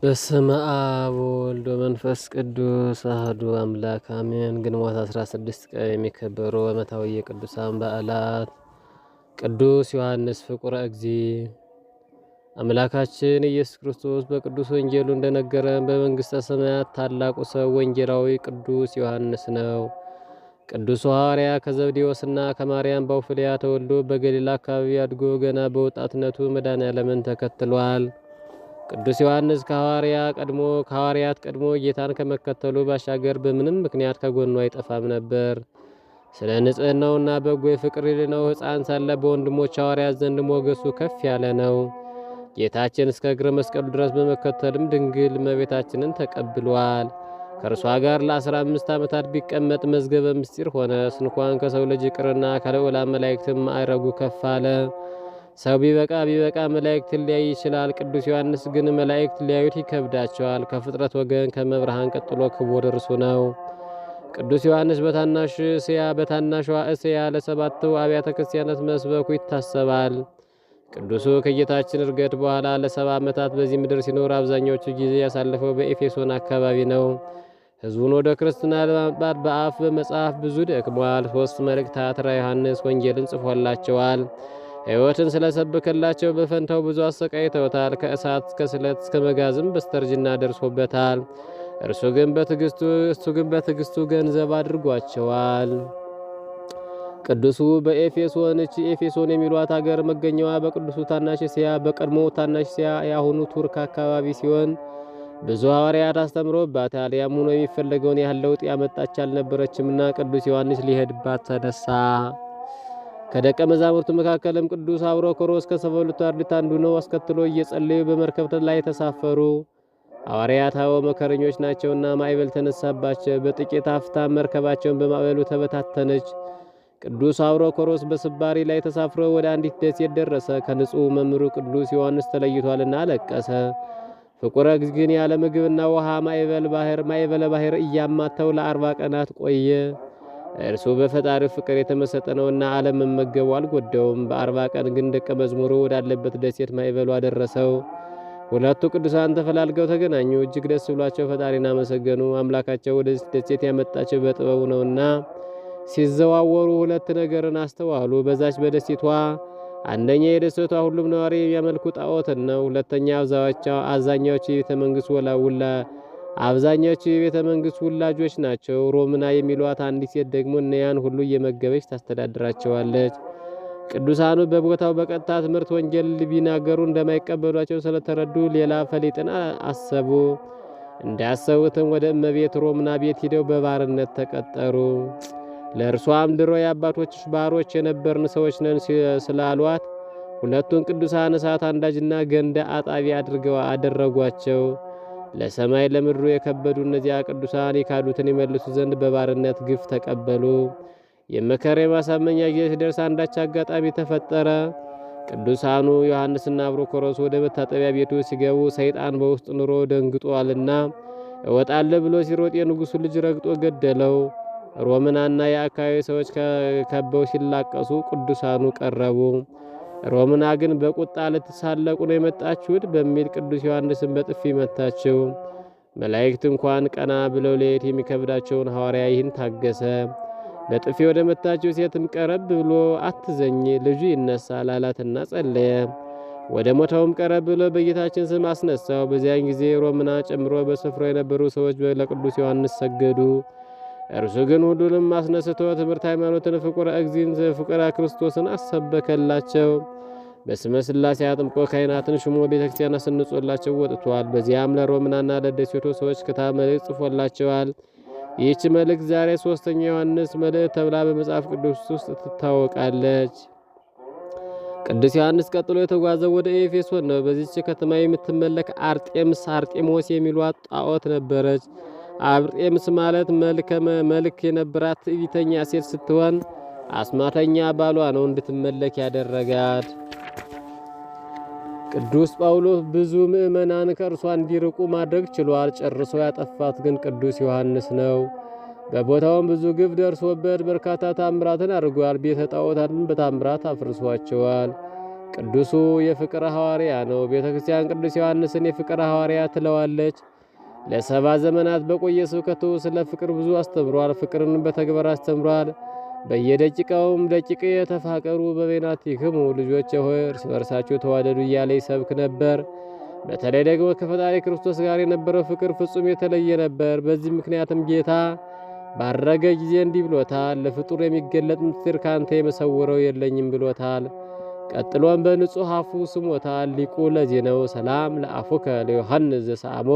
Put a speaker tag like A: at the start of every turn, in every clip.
A: በስመ አብ ወወልድ ወመንፈስ ቅዱስ አህዱ አምላክ አሜን። ግንቦት 16 ቀን የሚከበሩ ዓመታዊ የቅዱሳን በዓላት፦ ቅዱስ ዮሐንስ ፍቁረ እግዚእ። አምላካችን ኢየሱስ ክርስቶስ በቅዱስ ወንጌሉ እንደነገረን በመንግሥተ ሰማያት ታላቁ ሰው ወንጌላዊ ቅዱስ ዮሐንስ ነው። ቅዱስ ሐዋርያ ከዘብዴዎስና ከማርያም በውፍልያ ተወልዶ በገሊላ አካባቢ አድጎ ገና በወጣትነቱ መዳን ያለምን ተከትሏል። ቅዱስ ዮሐንስ ከሐዋርያ ቀድሞ ከሐዋርያት ቀድሞ ጌታን ከመከተሉ ባሻገር በምንም ምክንያት ከጎኑ አይጠፋም ነበር። ስለ ንጽህናውና በጎ የፍቅር ልነው ሕፃን ሳለ በወንድሞች ሐዋርያት ዘንድ ሞገሱ ከፍ ያለ ነው። ጌታችን እስከ እግረ መስቀሉ ድረስ በመከተልም ድንግል እመቤታችንን ተቀብሏል። ከእርሷ ጋር ለ15 ዓመታት ቢቀመጥ መዝገበ ምስጢር ሆነ። ስንኳን ከሰው ልጅ ይቅርና ከልዑላን መላእክትም ማዕረጉ ከፍ አለ። ሰው ቢበቃ ቢበቃ መላእክት ሊያይ ይችላል። ቅዱስ ዮሐንስ ግን መላእክት ሊያዩት ይከብዳቸዋል። ከፍጥረት ወገን ከመብርሃን ቀጥሎ ክቡር እርሱ ነው። ቅዱስ ዮሐንስ በታናሽ እስያ በታናሿ እስያ ለሰባቱ አብያተ ክርስቲያናት መስበኩ ይታሰባል። ቅዱሱ ከጌታችን እርገት በኋላ ለሰባ ዓመታት በዚህ ምድር ሲኖር አብዛኛዎቹ ጊዜ ያሳለፈው በኤፌሶን አካባቢ ነው። ሕዝቡን ወደ ክርስትና ለማምጣት በአፍ በመጽሐፍ ብዙ ደክሟል። ሦስት መልእክታት ራ ዮሐንስ ወንጌልን ጽፎላቸዋል። ሕይወትን ስለሰብክላቸው በፈንታው ብዙ አሰቃይተውታል። ከእሳት እስከ ስለት እስከ መጋዝም በስተርጅና ደርሶበታል። እርሱ ግን በትዕግስቱ እሱ ግን በትዕግስቱ ገንዘብ አድርጓቸዋል። ቅዱሱ በኤፌሶን በኤፌሶንች ኤፌሶን የሚሏት አገር መገኘዋ በቅዱሱ ታናሽ እስያ በቀድሞ ታናሽ እስያ የአሁኑ ቱርክ አካባቢ ሲሆን ብዙ ሐዋርያት አስተምሮባታል። ያም ሆኖ የሚፈለገውን ያህል ለውጥ ያመጣች አልነበረችምና ቅዱስ ዮሐንስ ሊሄድባት ተነሳ። ከደቀ መዛሙርቱ መካከልም ቅዱስ አብሮኮሮስ ከሰባ ሁለቱ አርድእት አንዱ ነው። አስከትሎ እየጸለዩ በመርከብ ላይ ተሳፈሩ። ሐዋርያት መከረኞች ናቸውና ማዕበል ተነሳባቸው። በጥቂት አፍታ መርከባቸውን በማዕበሉ ተበታተነች። ቅዱስ አብሮኮሮስ በስባሪ ላይ ተሳፍሮ ወደ አንዲት ደሴት ደረሰ። ከንጹሕ መምህሩ ቅዱስ ዮሐንስ ተለይቷልና አለቀሰ። ፍቁረ ግን ያለ ምግብና ውሃ ማዕበል ባህር ማዕበለ ባህር እያማተው ለአርባ ቀናት ቆየ። እርሱ በፈጣሪው ፍቅር የተመሰጠ ነውና ዓለም መመገቡ አልጎዳውም። በአርባ ቀን ግን ደቀ መዝሙሩ ወዳለበት ደሴት ማይበሉ አደረሰው። ሁለቱ ቅዱሳን ተፈላልገው ተገናኙ። እጅግ ደስ ብሏቸው ፈጣሪን አመሰገኑ። አምላካቸው ወደዚህ ደሴት ያመጣቸው በጥበቡ ነውና ሲዘዋወሩ ሁለት ነገርን አስተዋሉ። በዛች በደሴቷ አንደኛ የደሴቷ ሁሉም ነዋሪ የሚያመልኩ ጣዖትን ነው። ሁለተኛ አብዛኛዎቹ የቤተ መንግሥት ወላውላ አብዛኛዎቹ የቤተ መንግስት ውላጆች ናቸው። ሮምና የሚሏት አንዲት ሴት ደግሞ እነያን ሁሉ እየመገበች ታስተዳድራቸዋለች። ቅዱሳኑ በቦታው በቀጥታ ትምህርት ወንጌል ቢናገሩ እንደማይቀበሏቸው ስለተረዱ ሌላ ፈሊጥን አሰቡ። እንዳያሰቡትም ወደ እመቤት ሮምና ቤት ሂደው በባርነት ተቀጠሩ። ለእርሷም ድሮ የአባቶች ባሮች የነበርን ሰዎች ነን ስላሏት ሁለቱን ቅዱሳን እሳት አንዳጅና ገንደ አጣቢ አድርገው አደረጓቸው። ለሰማይ ለምድሩ የከበዱ እነዚያ ቅዱሳን የካዱትን ይመልሱ ዘንድ በባርነት ግፍ ተቀበሉ። የመከራ የማሳመኛ ጊዜ ሲደርስ አንዳች አጋጣሚ ተፈጠረ። ቅዱሳኑ ዮሐንስና አብሮኮሮስ ወደ መታጠቢያ ቤቱ ሲገቡ ሰይጣን በውስጥ ኑሮ ደንግጧልና እወጣለ ብሎ ሲሮጥ የንጉሱ ልጅ ረግጦ ገደለው። ሮምናና የአካባቢ ሰዎች ከበው ሲላቀሱ ቅዱሳኑ ቀረቡ። ሮምና ግን በቁጣ ልትሳለቁ ነው የመጣችሁት በሚል ቅዱስ ዮሐንስን በጥፊ መታቸው። መላእክት እንኳን ቀና ብለው ለየት የሚከብዳቸውን ሐዋርያ ይህን ታገሰ። በጥፊ ወደ መታቸው ሴትም ቀረብ ብሎ አትዘኝ፣ ልጁ ይነሳል አላትና ጸለየ። ወደ ሞታውም ቀረብ ብሎ በጌታችን ስም አስነሳው። በዚያን ጊዜ ሮምና ጨምሮ በስፍራው የነበሩ ሰዎች ለቅዱስ ዮሐንስ ሰገዱ። እርሱ ግን ሁሉንም አስነስቶ ትምህርት ሃይማኖትን፣ ፍቁረ እግዚን፣ ዘፍቁረ ክርስቶስን አሰበከላቸው። በስመ ስላሴ አጥምቆ ካህናትን ሹሞ ቤተ ክርስቲያን አስንጾላቸው ወጥቷል። በዚያም ለሮምናና ለደሴቶ ሰዎች ክታ መልእክት ጽፎላቸዋል። ይህች መልእክት ዛሬ ሶስተኛ ዮሐንስ መልእክት ተብላ በመጽሐፍ ቅዱስ ውስጥ ትታወቃለች። ቅዱስ ዮሐንስ ቀጥሎ የተጓዘው ወደ ኤፌሶን ነው። በዚች ከተማ የምትመለክ አርጤምስ አርጤሞስ የሚሏት ጣዖት ነበረች። አብርጤምስ ማለት መልከ መልክ የነበራት ትዕቢተኛ ሴት ስትሆን አስማተኛ ባሏ ነው እንድትመለክ ያደረጋት። ቅዱስ ጳውሎስ ብዙ ምዕመናን ከእርሷ እንዲርቁ ማድረግ ችሏል። ጨርሶ ያጠፋት ግን ቅዱስ ዮሐንስ ነው። በቦታውም ብዙ ግፍ ደርሶበት በርካታ ታምራትን አድርጓል። ቤተ ጣዖታትን በታምራት አፍርሷቸዋል። ቅዱሱ የፍቅር ሐዋርያ ነው። ቤተ ክርስቲያን ቅዱስ ዮሐንስን የፍቅር ሐዋርያ ትለዋለች። ለሰባ ዘመናት በቆየ ስብከቱ ስለ ፍቅር ብዙ አስተምሯል። ፍቅርን በተግባር አስተምሯል። በየደቂቃውም ደቂቅ የተፋቀሩ በቤናቲክሙ ልጆች ሆይ እርስ በርሳችሁ ተዋደዱ እያለ ይሰብክ ነበር። በተለይ ደግሞ ከፈጣሪ ክርስቶስ ጋር የነበረው ፍቅር ፍጹም የተለየ ነበር። በዚህ ምክንያትም ጌታ ባረገ ጊዜ እንዲህ ብሎታል፣ ለፍጡር የሚገለጥ ምስጢር ካንተ የመሰውረው የለኝም ብሎታል። ቀጥሎም በንጹሕ አፉ ስሞታል። ሊቁ ለዚህ ነው ሰላም ለአፉከ ለዮሐንስ ዘሳሞ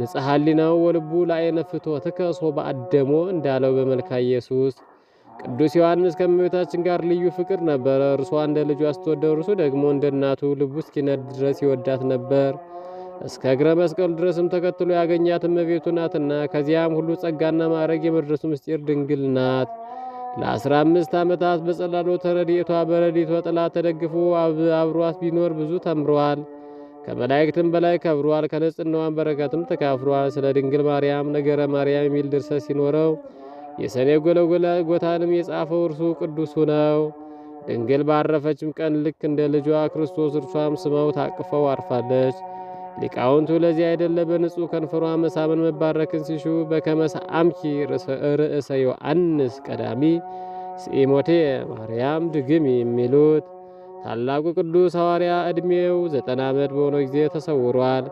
A: ንጽሐ ሊናው ወልቡ ለአይነ ፍቶ ትከሶ በአደሞ እንዳለው በመልካ ኢየሱስ ቅዱስ ዮሐንስ ከእመቤታችን ጋር ልዩ ፍቅር ነበረ። እርሷ እንደ ልጇ ስትወደው እርሱ ደግሞ እንደ እናቱ ልቡ እስኪነድ ድረስ ይወዳት ነበር። እስከ እግረ መስቀሉ ድረስም ተከትሎ ያገኛት እመቤቱ ናትና ከዚያም ሁሉ ጸጋና ማዕረግ የመድረሱ ምስጢር ድንግል ናት። ለአስራ አምስት ዓመታት በጸላሎ ተረድኤቷ በረድኤቷ ጥላ ተደግፎ አብሯት ቢኖር ብዙ ተምሯል። ከመላእክትም በላይ ከብሯል። ከንጽህናዋን በረከትም ተካፍሯል። ስለ ድንግል ማርያም ነገረ ማርያም የሚል ድርሰት ሲኖረው የሰኔ ጎታንም የጻፈው እርሱ ቅዱሱ ነው። ድንግል ባረፈችም ቀን ልክ እንደ ልጇ ክርስቶስ እርሷም ስመው ታቅፈው አርፋለች። ሊቃውንቱ ለዚህ አይደለ በንጹሕ ከንፈሯ መሳምን መባረክን ሲሹ በከመሰ አምኪ ርእሰ ዮሐንስ ቀዳሚ ሲሞቴ ማርያም ድግም የሚሉት ታላቁ ቅዱስ ሐዋርያ ዕድሜው ዘጠና ዓመት በሆነው ጊዜ ተሰውሯል።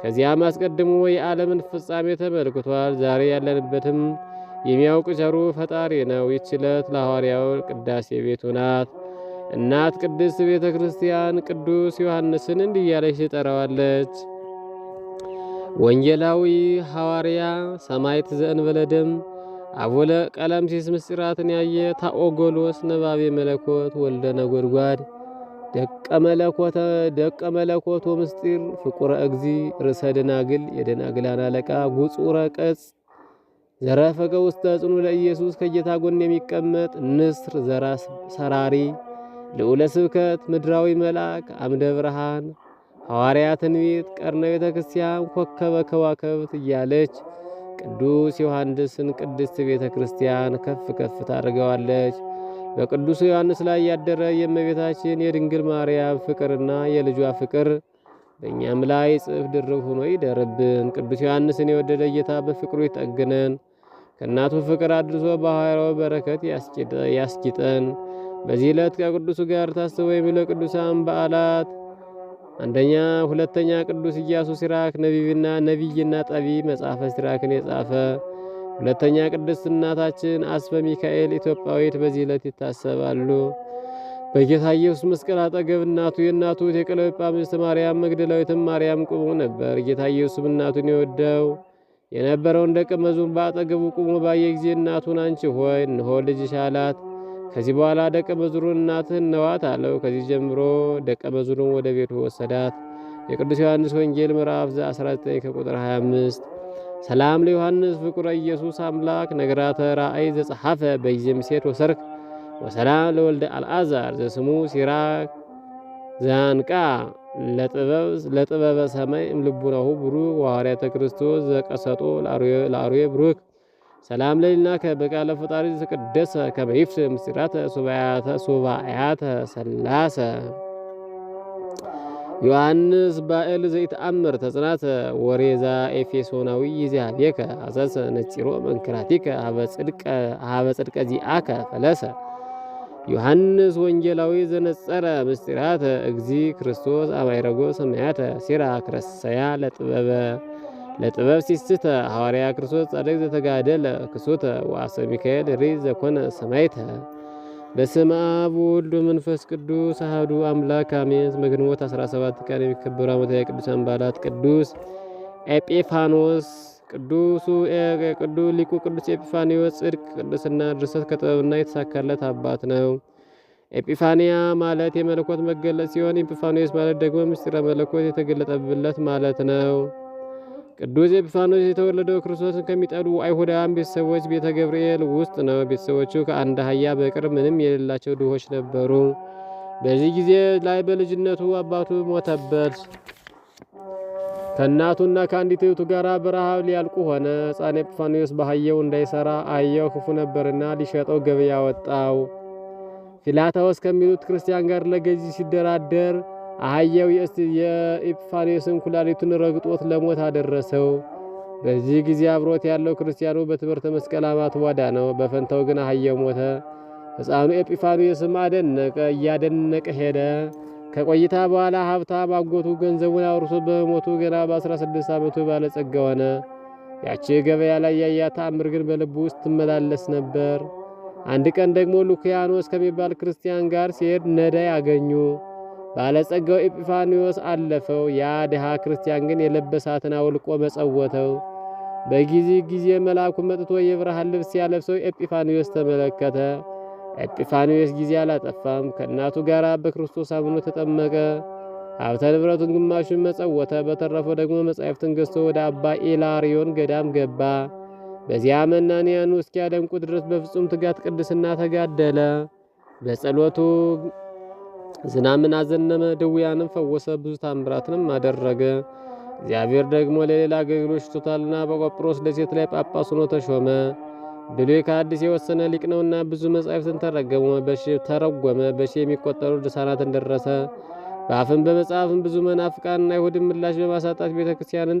A: ከዚያም አስቀድሞ የዓለምን ፍጻሜ ተመልክቷል። ዛሬ ያለንበትም የሚያውቅ ቸሩ ፈጣሪ ነው። ይችለት ለሐዋርያው ቅዳሴ ቤቱ ናት። እናት ቅድስት ቤተ ክርስቲያን ቅዱስ ዮሐንስን እንዲህ እያለች ትጠራዋለች። ወንጌላዊ ሐዋርያ ሰማዕት ዘእንበለ ደም አቡነ ቀለምሲስ ምስጢራትን ያየ ታኦጎሎስ ነባቤ መለኮት ወልደ ነጎድጓድ ደቀ መለኮቶ ምስጢር ፍቁረ እግዚ ርእሰ ደናግል የደናግላን አለቃ ጉጹረ ቀጽ ዘረፈቀ ውስተ ጽኑ ለኢየሱስ ከጌታ ጎን የሚቀመጥ ንስር ዘራ ሰራሪ ልዑለ ስብከት ምድራዊ መልአክ አምደ ብርሃን ሐዋርያ ትንቢት ቀርነ ቤተ ክርስቲያን ኮከበ ከዋክብት እያለች ቅዱስ ዮሐንስን ቅድስት ቤተ ክርስቲያን ከፍ ከፍ ታደርገዋለች። በቅዱስ ዮሐንስ ላይ ያደረ የእመቤታችን የድንግል ማርያም ፍቅርና የልጇ ፍቅር በእኛም ላይ ጽፍ ድርብ ሆኖ ይደርብን። ቅዱስ ዮሐንስን የወደደ ጌታ በፍቅሩ ይጠግነን። ከእናቱ ፍቅር አድርሶ ባህራዊ በረከት ያስጌጠን። በዚህ ዕለት ከቅዱሱ ጋር ታስበ የሚለ ቅዱሳን በዓላት አንደኛ፣ ሁለተኛ ቅዱስ ኢያሱ ሲራክ ነቢይና ጠቢ መጽሐፈ ሲራክን የጻፈ ሁለተኛ ቅድስት እናታችን አስበ ሚካኤል ኢትዮጵያዊት በዚህ ዕለት ይታሰባሉ። በጌታ ኢየሱስ መስቀል አጠገብ እናቱ የእናቱ የቀለዮጳ ምስት ማርያም መግደላዊትም ማርያም ቁሞ ነበር። ጌታ ኢየሱስም እናቱን የወደው የነበረውን ደቀ መዝሙር በአጠገቡ ቁሞ ባየ ጊዜ እናቱን አንቺ ሆይ እንሆ ልጅሽ አላት። ከዚህ በኋላ ደቀ መዝሙሩን እናትህን ነዋት አለው። ከዚህ ጀምሮ ደቀ መዝሙሩን ወደ ቤቱ ወሰዳት። የቅዱስ ዮሐንስ ወንጌል ምዕራፍ 19 ከቁጥር 25 ሰላም ለዮሐንስ ፍቁረ ኢየሱስ አምላክ ነገራተ ራእይ ዘጸሐፈ በይዘምሴት ወሰርክ ወሰላም ለወልደ አልዓዛር ዘስሙ ሲራክ ዘአንቃ ለጥበበ ሰማይ እምልቡናሁ ብሩክ ወሐዋርያተ ክርስቶስ ዘቀሰጦ ለአርዌ ብሩክ ሰላም ለሊናከ በቃለ ፈጣሪ ዘተቀደሰ ከመ ይፍስህ ምስጢራተ ሱባኤያተ ሱባኤያተ ሰላሰ ዮሐንስ ባኤል ዘይተአምር ተጽናተ ወሬዛ ኤፌሶናዊ ይዚሃቤከ አሰሰ ነጺሮ መንክራቲከ ሀበ ጽድቀ ዚአከ ፈለሰ ዮሐንስ ወንጌላዊ ዘነጸረ ምስጢራተ እግዚ ክርስቶስ አማይረጎ ሰማያተ ሲራ ክረሰያ ለጥበበ ለጥበብ ሲስተ ሐዋርያ ክርስቶስ ጻድቅ ዘተጋደለ ክሱተ ወአሰ ሚካኤል ሪ ዘኮነ ሰማይተ በስመ አብ ወወልድ ቅዱስ አህዱ አምላክ አሜን። መግንቦት 17 ቀን የሚከበሩ ዓመታዊ የቅዱሳን በዓላት ቅዱስ ኤጲፋኖስ ቅዱሱ ቅዱስ ሊቁ ቅዱስ ኤጲፋኒዎስ ጽድቅ፣ ቅድስና፣ ድርሰት ከጥበብና የተሳካለት አባት ነው። ኤጲፋኒያ ማለት የመለኮት መገለጽ ሲሆን ኤጲፋኒዎስ ማለት ደግሞ ምስጢረ መለኮት የተገለጠብለት ማለት ነው። ቅዱስ ኤጲፋኖስ የተወለደው ክርስቶስን ከሚጠሉ አይሁዳውያን ቤተሰቦች ቤተ ገብርኤል ውስጥ ነው። ቤተሰቦቹ ከአንድ አህያ በቀር ምንም የሌላቸው ድሆች ነበሩ። በዚህ ጊዜ ላይ በልጅነቱ አባቱ ሞተበት። ከእናቱና ከአንዲት እህቱ ጋር በረሃብ ሊያልቁ ሆነ። ሕፃን ኤጲፋኒዎስ በአህያው እንዳይሰራ አህያው ክፉ ነበርና ሊሸጠው ገበያ ወጣው። ፊላታዎስ ከሚሉት ክርስቲያን ጋር ለገዢ ሲደራደር አህያው የኤጲፋንዮስን ኩላሊቱን ረግጦት ለሞት አደረሰው። በዚህ ጊዜ አብሮት ያለው ክርስቲያኑ በትምህርተ መስቀል አማት ዋዳ ነው። በፈንታው ግን አህያው ሞተ። ሕፃኑ ኤጲፋንዮስም አደነቀ እያደነቀ ሄደ። ከቆይታ በኋላ ሀብታም አጎቱ ገንዘቡን አውርሶ በሞቱ ገና በ16 ዓመቱ ባለጸጋ ሆነ። ያቺ ገበያ ላይ ያያ ተአምር ግን በልቡ ውስጥ ትመላለስ ነበር። አንድ ቀን ደግሞ ሉኪያኖስ ከሚባል ክርስቲያን ጋር ሲሄድ ነዳይ አገኙ። ባለጸጋው ኤጲፋኒዎስ አለፈው። ያ ድሃ ክርስቲያን ግን የለበሳትን አውልቆ መጸወተው። በጊዜ ጊዜ መልአኩ መጥቶ የብርሃን ልብስ ያለብሰው ኤጲፋኒዎስ ተመለከተ። ኤጲፋኒዎስ ጊዜ አላጠፋም። ከእናቱ ጋር በክርስቶስ አምኖ ተጠመቀ። ሀብተ ንብረቱን ግማሹን መጸወተ። በተረፈው ደግሞ መጻሕፍትን ገዝቶ ወደ አባ ኤላሪዮን ገዳም ገባ። በዚያ መናንያኑ እስኪያደንቁ ድረስ በፍጹም ትጋት ቅድስና ተጋደለ። በጸሎቱ ዝናምን አዘነመ፣ ድውያንም ፈወሰ፣ ብዙ ታምራትንም አደረገ። እግዚአብሔር ደግሞ ለሌላ አገልግሎት ሽቶታልና በቆጵሮስ ደሴት ላይ ጳጳስ ሆኖ ተሾመ። ብሉይ ከአዲስ የወሰነ ሊቅ ነውና ብዙ መጻሕፍትን ተረገመ ተረጎመ፣ በሺ የሚቆጠሩ ድርሳናትን ደረሰ። በአፍም በመጽሐፍም ብዙ መናፍቃንና አይሁድን ምላሽ በማሳጣት ቤተ ክርስቲያንን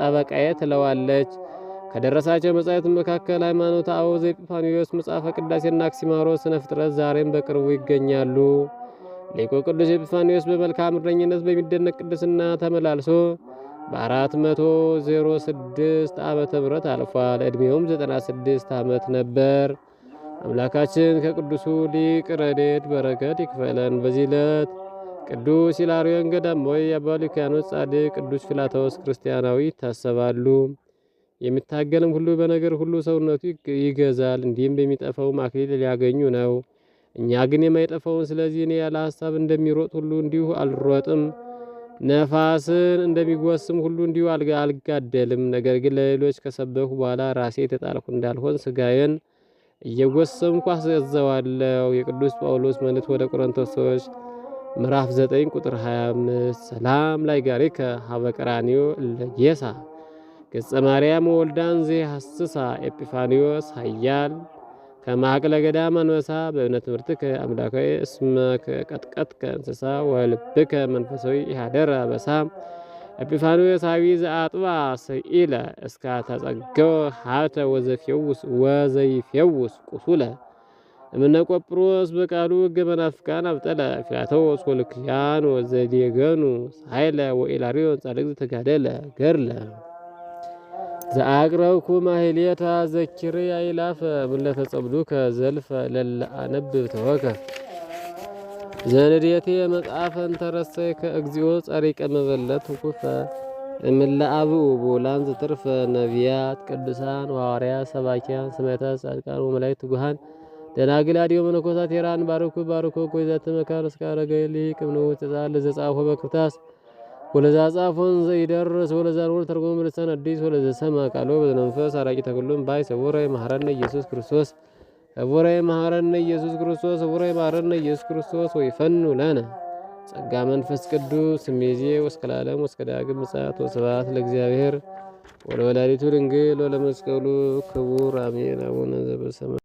A: ለዋለች። ትለዋለች። ከደረሳቸው መጻሕፍት መካከል ሃይማኖተ አበው ዘኢጲፋንዮስ፣ መጽሐፈ ቅዳሴና አክሲማሮስ፣ ስነ ፍጥረት ዛሬም በቅርቡ ይገኛሉ። ሊቁ ቅዱስ ኢጲፋንዮስ በመልካም እረኝነት በሚደነቅ ቅድስና ተመላልሶ በ406 ዓመተ ምህረት አልፏል። ዕድሜውም 96 ዓመት ነበር። አምላካችን ከቅዱሱ ሊቅ ረድኤት በረከት ይክፈለን። በዚህ ዕለት ቅዱስ ኢላሪዮን ገዳማዊ፣ አባ ሉክያኖስ ጻድቅ፣ ቅዱስ ፊላታዎስ ክርስቲያናዊ ይታሰባሉ። የሚታገልም ሁሉ በነገር ሁሉ ሰውነቱ ይገዛል፣ እንዲህም በሚጠፋውም አክሊል ሊያገኙ ነው። እኛ ግን የማይጠፋውን ስለዚህ እኔ ያለ ሀሳብ እንደሚሮጥ ሁሉ እንዲሁ አልሮጥም፣ ነፋስን እንደሚጎስም ሁሉ እንዲሁ አልጋደልም። ነገር ግን ለሌሎች ከሰበኩ በኋላ ራሴ የተጣልኩ እንዳልሆን ስጋዬን እየጎሰምኩ አስገዛዋለሁ። የቅዱስ ጳውሎስ መልእክት ወደ ቆሮንቶስ ሰዎች ምዕራፍ 9 ቁጥር 25 ሰላም ላይ ጋሪ ሀበቀራኒዮ ለየሳ ገጸ ማርያም ወልዳን ዜ ሀስሳ ኤጲፋኒዮስ ሀያል ከማቅለ ገዳም አንበሳ በእብነ ትምህርትከ አምላካዊ እስመ ቀጥቀጥከ እንስሳ ወልብከ መንፈሳዊ ያደረ በሳ ኤጲፋኒዮስ አቢ ዘአጥባ ስኢለ እስከ ተጸገወ ሀብተ ወዘፍየውስ ወዘይፍየውስ ቁሱለ እምነ ቆጵሮስ በቃሉ ሕገ መናፍቃን አብጠለ ፊላቶስ ወልክያን ወዘዲገኑ ሳይለ ወኢላሪዮን ጻድቅ ዘተጋደለ ገርለ ዘአቅረብኩ ማህሌታ ዘኪሬ አይላፈ ምለተ ምለተጸምዱከ ዘልፈ ለለአነብብ ተወከ ዘንዴቴ መጽሐፈን ተረሰይ ከእግዚኦ ጸሪቀ መበለት ኩፈ እምላአብኡ ቦላን ዘትርፈ ነቢያት ቅዱሳን ዋርያ ሰባኪያን ሰማዕታት ጻድቃን ወመላእክት ትጉሃን ደናግል አዲዮ መነኮሳት ሄራን ባርኩ ባርኮ ኮይዛት መካር እስካረገ ሊቅ ምንውት ዛለ ዘጻፎ በክርታስ ወለዛ ጻፎን ዘይደርስ ወለዛ ወል ተርጎም ልሳን አዲስ ወለዛ ሰማ ቃሎ በመንፈስ አራቂ ተኩሉም ባይ ሰወራይ ማህረነ ኢየሱስ ክርስቶስ ሰወራይ ማህረነ ኢየሱስ ክርስቶስ ሰወራይ ማህረነ ኢየሱስ ክርስቶስ ወይ ፈኑ ለነ ጸጋ መንፈስ ቅዱስ እምይእዜ ወእስከ ለዓለም ወእስከ ዳግም ምጽአት ወስብሐት ለእግዚአብሔር ወለወላዲቱ ድንግል ወለመስቀሉ ክቡር አሜን። አቡነ ዘበሰማ